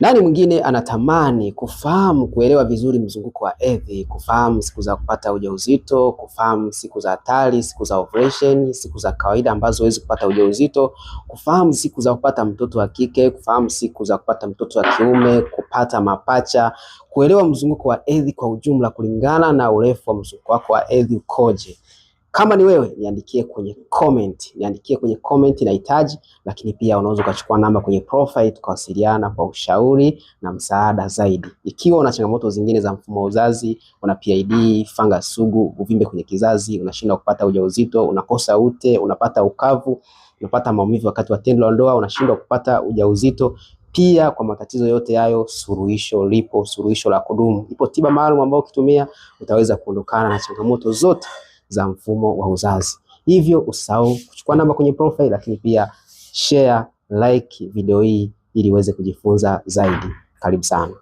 Nani mwingine anatamani kufahamu kuelewa vizuri mzunguko wa hedhi, kufahamu siku za kupata ujauzito, kufahamu siku za hatari, siku za operation, siku za kawaida ambazo huwezi kupata ujauzito, kufahamu siku za kupata mtoto wa kike, kufahamu siku za kupata mtoto wa kiume, kupata mapacha, kuelewa mzunguko wa hedhi kwa ujumla kulingana na urefu wa mzunguko wako wa hedhi ukoje. Kama ni wewe, niandikie kwenye comment, niandikie kwenye comment nahitaji, lakini pia unaweza ukachukua namba kwenye profile tukawasiliana kwa ushauri na msaada zaidi. Ikiwa una changamoto zingine za mfumo wa uzazi, una PID, fanga sugu, uvimbe kwenye kizazi, unashindwa kupata ujauzito, unakosa ute, unapata ukavu, unapata maumivu wakati wa tendo la ndoa, unashindwa kupata ujauzito pia kwa matatizo yote hayo, suluhisho lipo, suluhisho la kudumu. Ipo tiba maalum ambayo ukitumia utaweza kuondokana na changamoto zote za mfumo wa uzazi. Hivyo usahau kuchukua namba kwenye profile, lakini pia share, like video hii ili uweze kujifunza zaidi. Karibu sana.